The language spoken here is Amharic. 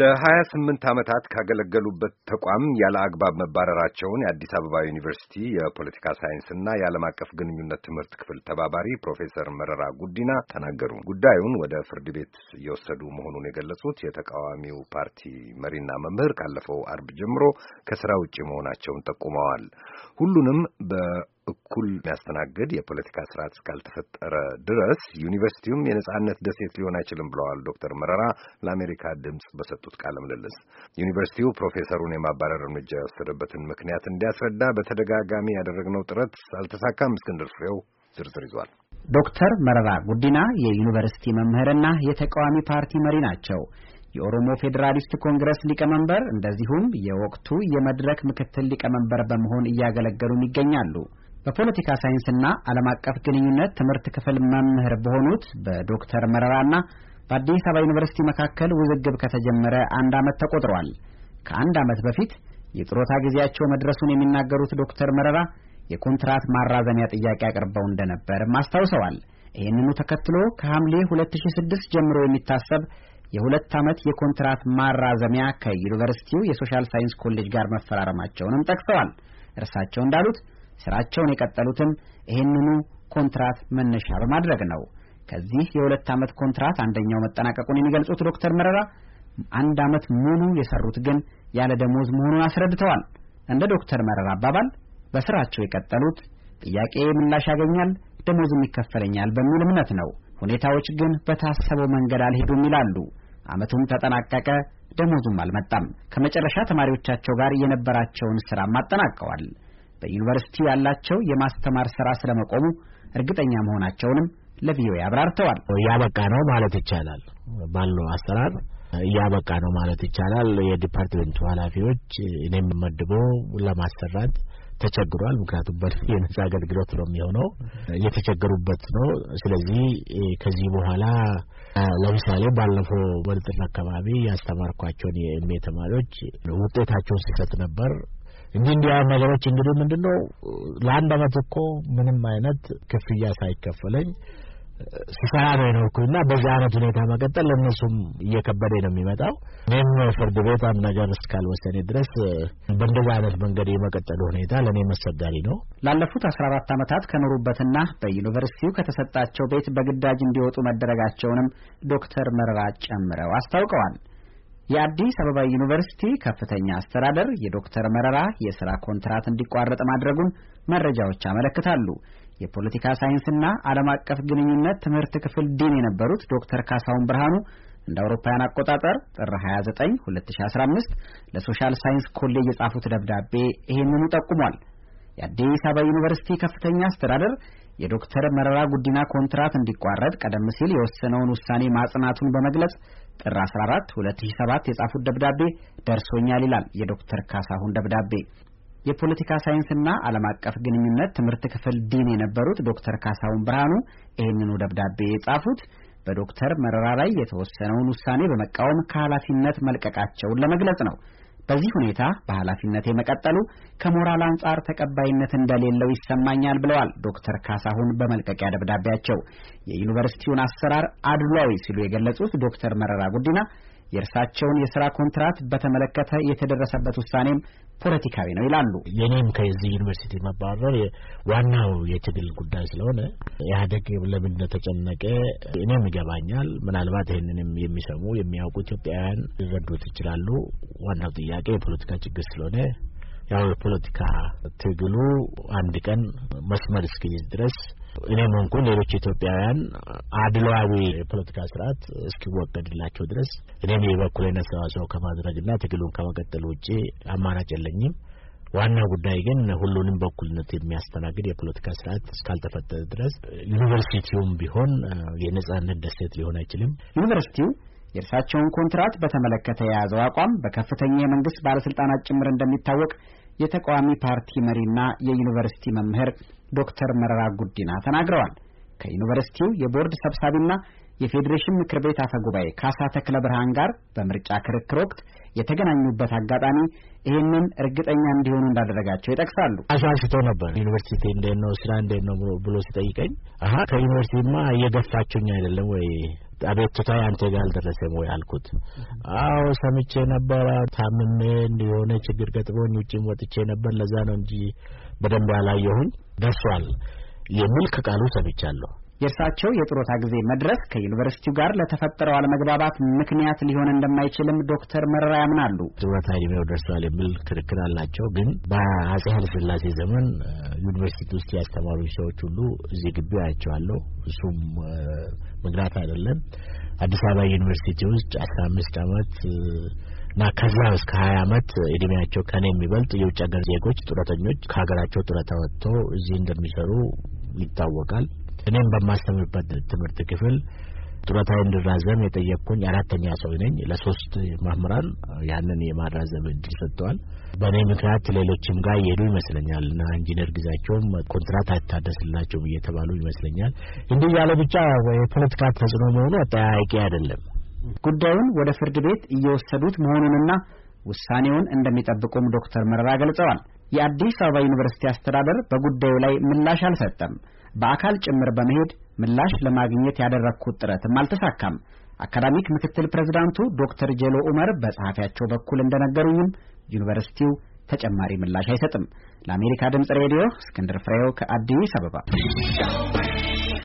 ለ28 ዓመታት ካገለገሉበት ተቋም ያለ አግባብ መባረራቸውን የአዲስ አበባ ዩኒቨርሲቲ የፖለቲካ ሳይንስና የዓለም አቀፍ ግንኙነት ትምህርት ክፍል ተባባሪ ፕሮፌሰር መረራ ጉዲና ተናገሩ። ጉዳዩን ወደ ፍርድ ቤት እየወሰዱ መሆኑን የገለጹት የተቃዋሚው ፓርቲ መሪና መምህር ካለፈው አርብ ጀምሮ ከስራ ውጭ መሆናቸውን ጠቁመዋል። ሁሉንም በ እኩል የሚያስተናግድ የፖለቲካ ስርዓት እስካልተፈጠረ ድረስ ዩኒቨርሲቲውም የነጻነት ደሴት ሊሆን አይችልም ብለዋል ዶክተር መረራ ለአሜሪካ ድምፅ በሰጡት ቃለ ምልልስ። ዩኒቨርሲቲው ፕሮፌሰሩን የማባረር እርምጃ የወሰደበትን ምክንያት እንዲያስረዳ በተደጋጋሚ ያደረግነው ጥረት አልተሳካም። እስክንድር ፍሬው ዝርዝር ይዟል። ዶክተር መረራ ጉዲና የዩኒቨርሲቲ መምህርና የተቃዋሚ ፓርቲ መሪ ናቸው። የኦሮሞ ፌዴራሊስት ኮንግረስ ሊቀመንበር እንደዚሁም የወቅቱ የመድረክ ምክትል ሊቀመንበር በመሆን እያገለገሉም ይገኛሉ። በፖለቲካ ሳይንስና ዓለም አቀፍ ግንኙነት ትምህርት ክፍል መምህር በሆኑት በዶክተር መረራና በአዲስ አበባ ዩኒቨርሲቲ መካከል ውዝግብ ከተጀመረ አንድ ዓመት ተቆጥሯል። ከአንድ ዓመት በፊት የጥሮታ ጊዜያቸው መድረሱን የሚናገሩት ዶክተር መረራ የኮንትራት ማራዘሚያ ጥያቄ አቅርበው እንደነበር አስታውሰዋል። ይህንኑ ተከትሎ ከሐምሌ 2006 ጀምሮ የሚታሰብ የሁለት ዓመት የኮንትራት ማራዘሚያ ከዩኒቨርሲቲው የሶሻል ሳይንስ ኮሌጅ ጋር መፈራረማቸውንም ጠቅሰዋል። እርሳቸው እንዳሉት ስራቸውን የቀጠሉትም ይህንኑ ኮንትራት መነሻ በማድረግ ነው። ከዚህ የሁለት ዓመት ኮንትራት አንደኛው መጠናቀቁን የሚገልጹት ዶክተር መረራ አንድ ዓመት ሙሉ የሰሩት ግን ያለ ደሞዝ መሆኑን አስረድተዋል። እንደ ዶክተር መረራ አባባል በስራቸው የቀጠሉት ጥያቄ ምላሽ ያገኛል፣ ደሞዝም ይከፈለኛል በሚል እምነት ነው። ሁኔታዎች ግን በታሰበው መንገድ አልሄዱም ይላሉ። ዓመቱም ተጠናቀቀ፣ ደሞዙም አልመጣም። ከመጨረሻ ተማሪዎቻቸው ጋር የነበራቸውን ስራም አጠናቀዋል። በዩኒቨርሲቲ ያላቸው የማስተማር ስራ ስለመቆሙ እርግጠኛ መሆናቸውንም ለቪኦኤ አብራርተዋል። ያበቃ ነው ማለት ይቻላል ባለው አሰራር እያበቃ ነው ማለት ይቻላል። የዲፓርትመንቱ ኃላፊዎች እኔም መድቦ ለማሰራት ተቸግሯል። ምክንያቱም የነጻ አገልግሎት ነው የሚሆነው የተቸገሩበት ነው። ስለዚህ ከዚህ በኋላ ለምሳሌ ባለፈው በልጥር አካባቢ ያስተማርኳቸውን የኤምኤ ተማሪዎች ውጤታቸውን ሲሰጥ ነበር እንዲህ እንዲህ ያሉ ነገሮች እንግዲህ ምንድን ነው ለአንድ አመት እኮ ምንም አይነት ክፍያ ሳይከፈለኝ ስሰራ ነው የኖርኩኝና በዚህ አይነት ሁኔታ መቀጠል ለእነሱም እየከበደ ነው የሚመጣው። እኔም ፍርድ ቤት አንድ ነገር እስካልወሰኔ ድረስ በእንደዚህ አይነት መንገድ የመቀጠሉ ሁኔታ ለእኔም አስቸጋሪ ነው። ላለፉት አስራ አራት ዓመታት ከኖሩበትና በዩኒቨርሲቲው ከተሰጣቸው ቤት በግዳጅ እንዲወጡ መደረጋቸውንም ዶክተር መረራ ጨምረው አስታውቀዋል። የአዲስ አበባ ዩኒቨርሲቲ ከፍተኛ አስተዳደር የዶክተር መረራ የስራ ኮንትራት እንዲቋረጥ ማድረጉን መረጃዎች ያመለክታሉ። የፖለቲካ ሳይንስና ዓለም አቀፍ ግንኙነት ትምህርት ክፍል ዲን የነበሩት ዶክተር ካሳሁን ብርሃኑ እንደ አውሮፓውያን አቆጣጠር ጥር 29 2015 ለሶሻል ሳይንስ ኮሌጅ የጻፉት ደብዳቤ ይህንኑ ጠቁሟል። የአዲስ አበባ ዩኒቨርሲቲ ከፍተኛ አስተዳደር የዶክተር መረራ ጉዲና ኮንትራት እንዲቋረጥ ቀደም ሲል የወሰነውን ውሳኔ ማጽናቱን በመግለጽ ጥር 14 2007 የጻፉት ደብዳቤ ደርሶኛል ይላል የዶክተር ካሳሁን ደብዳቤ። የፖለቲካ ሳይንስና ዓለም አቀፍ ግንኙነት ትምህርት ክፍል ዲን የነበሩት ዶክተር ካሳሁን ብርሃኑ ይህንኑ ደብዳቤ የጻፉት በዶክተር መረራ ላይ የተወሰነውን ውሳኔ በመቃወም ከኃላፊነት መልቀቃቸውን ለመግለጽ ነው። በዚህ ሁኔታ በኃላፊነት የመቀጠሉ ከሞራል አንጻር ተቀባይነት እንደሌለው ይሰማኛል ብለዋል ዶክተር ካሳሁን በመልቀቂያ ደብዳቤያቸው። የዩኒቨርሲቲውን አሰራር አድሏዊ ሲሉ የገለጹት ዶክተር መረራ ጉዲና የእርሳቸውን የስራ ኮንትራት በተመለከተ የተደረሰበት ውሳኔም ፖለቲካዊ ነው ይላሉ። የኔም ከዚህ ዩኒቨርሲቲ መባረር ዋናው የትግል ጉዳይ ስለሆነ ኢህአዴግ ለምን እንደተጨነቀ እኔም ይገባኛል። ምናልባት ይህንንም የሚሰሙ የሚያውቁ ኢትዮጵያውያን ሊረዱት ይችላሉ። ዋናው ጥያቄ የፖለቲካ ችግር ስለሆነ ያው የፖለቲካ ትግሉ አንድ ቀን መስመር እስኪይዝ ድረስ እኔም ሆንኩ ሌሎች ኢትዮጵያውያን አድሏዊ የፖለቲካ ስርዓት እስኪወገድላቸው ድረስ እኔም የበኩሌን አስተዋጽኦ ከማድረግና ትግሉን ከመቀጠል ውጭ አማራጭ የለኝም። ዋና ጉዳይ ግን ሁሉንም በኩልነት የሚያስተናግድ የፖለቲካ ስርዓት እስካልተፈጠረ ድረስ ዩኒቨርሲቲውም ቢሆን የነጻነት ደሴት ሊሆን አይችልም። ዩኒቨርሲቲው የእርሳቸውን ኮንትራት በተመለከተ የያዘው አቋም በከፍተኛ የመንግስት ባለስልጣናት ጭምር እንደሚታወቅ የተቃዋሚ ፓርቲ መሪና የዩኒቨርሲቲ መምህር ዶክተር መረራ ጉዲና ተናግረዋል። ከዩኒቨርሲቲው የቦርድ ሰብሳቢና የፌዴሬሽን ምክር ቤት አፈ ጉባኤ ካሳ ተክለ ብርሃን ጋር በምርጫ ክርክር ወቅት የተገናኙበት አጋጣሚ ይህንን እርግጠኛ እንዲሆኑ እንዳደረጋቸው ይጠቅሳሉ። አሻሽቶ ነበር ዩኒቨርሲቲ እንዴት ነው ስራ እንዴት ነው ብሎ ሲጠይቀኝ አሀ ከዩኒቨርሲቲማ እየገፋችሁኝ አይደለም ወይ አቤቱታ አንተ ጋር አልደረሰም ወይ አልኩት። አዎ ሰምቼ ነበር፣ ታምሜ የሆነ ችግር ገጥሞኝ ውጭም ወጥቼ ነበር፣ ለዛ ነው እንጂ በደንብ ያላየሁኝ ደርሷል የሚል ከቃሉ ሰምቻለሁ። የእርሳቸው የጥሮታ ጊዜ መድረስ ከዩኒቨርሲቲው ጋር ለተፈጠረው አለመግባባት ምክንያት ሊሆን እንደማይችልም ዶክተር መረራ ያምናሉ። ጥሮታ እድሜው ደርሷል የሚል ክርክር አላቸው። ግን በአጼ ኃይለሥላሴ ዘመን ዩኒቨርሲቲ ውስጥ ያስተማሩ ሰዎች ሁሉ እዚህ ግቢ አያቸዋለሁ። እሱም ምክንያት አይደለም። አዲስ አበባ ዩኒቨርሲቲ ውስጥ አስራ አምስት አመት እና ከዛ እስከ ሀያ አመት እድሜያቸው ከኔ የሚበልጥ የውጭ ሀገር ዜጎች ጡረተኞች ከሀገራቸው ጡረታ ወጥተው እዚህ እንደሚሰሩ ይታወቃል። እኔም በማስተምርበት ትምህርት ክፍል ጡረታ እንድራዘም የጠየቅኩኝ አራተኛ ሰው ነኝ። ለሶስት መምህራን ያንን የማራዘም እድል ሰጥተዋል። በእኔ ምክንያት ሌሎችም ጋር እየሄዱ ይመስለኛል እና ኢንጂነር ጊዜያቸውም ኮንትራት አይታደስላቸውም እየተባሉ ይመስለኛል። እንዲህ ያለ ብቻ የፖለቲካ ተጽዕኖ መሆኑ አጠያያቂ አይደለም። ጉዳዩን ወደ ፍርድ ቤት እየወሰዱት መሆኑንና ውሳኔውን እንደሚጠብቁም ዶክተር መረራ ገልጸዋል። የአዲስ አበባ ዩኒቨርሲቲ አስተዳደር በጉዳዩ ላይ ምላሽ አልሰጠም። በአካል ጭምር በመሄድ ምላሽ ለማግኘት ያደረግኩት ጥረትም አልተሳካም። አካዳሚክ ምክትል ፕሬዝዳንቱ ዶክተር ጄሎ ኡመር በጸሐፊያቸው በኩል እንደነገሩኝም ዩኒቨርሲቲው ተጨማሪ ምላሽ አይሰጥም። ለአሜሪካ ድምፅ ሬዲዮ እስክንድር ፍሬው ከአዲስ አበባ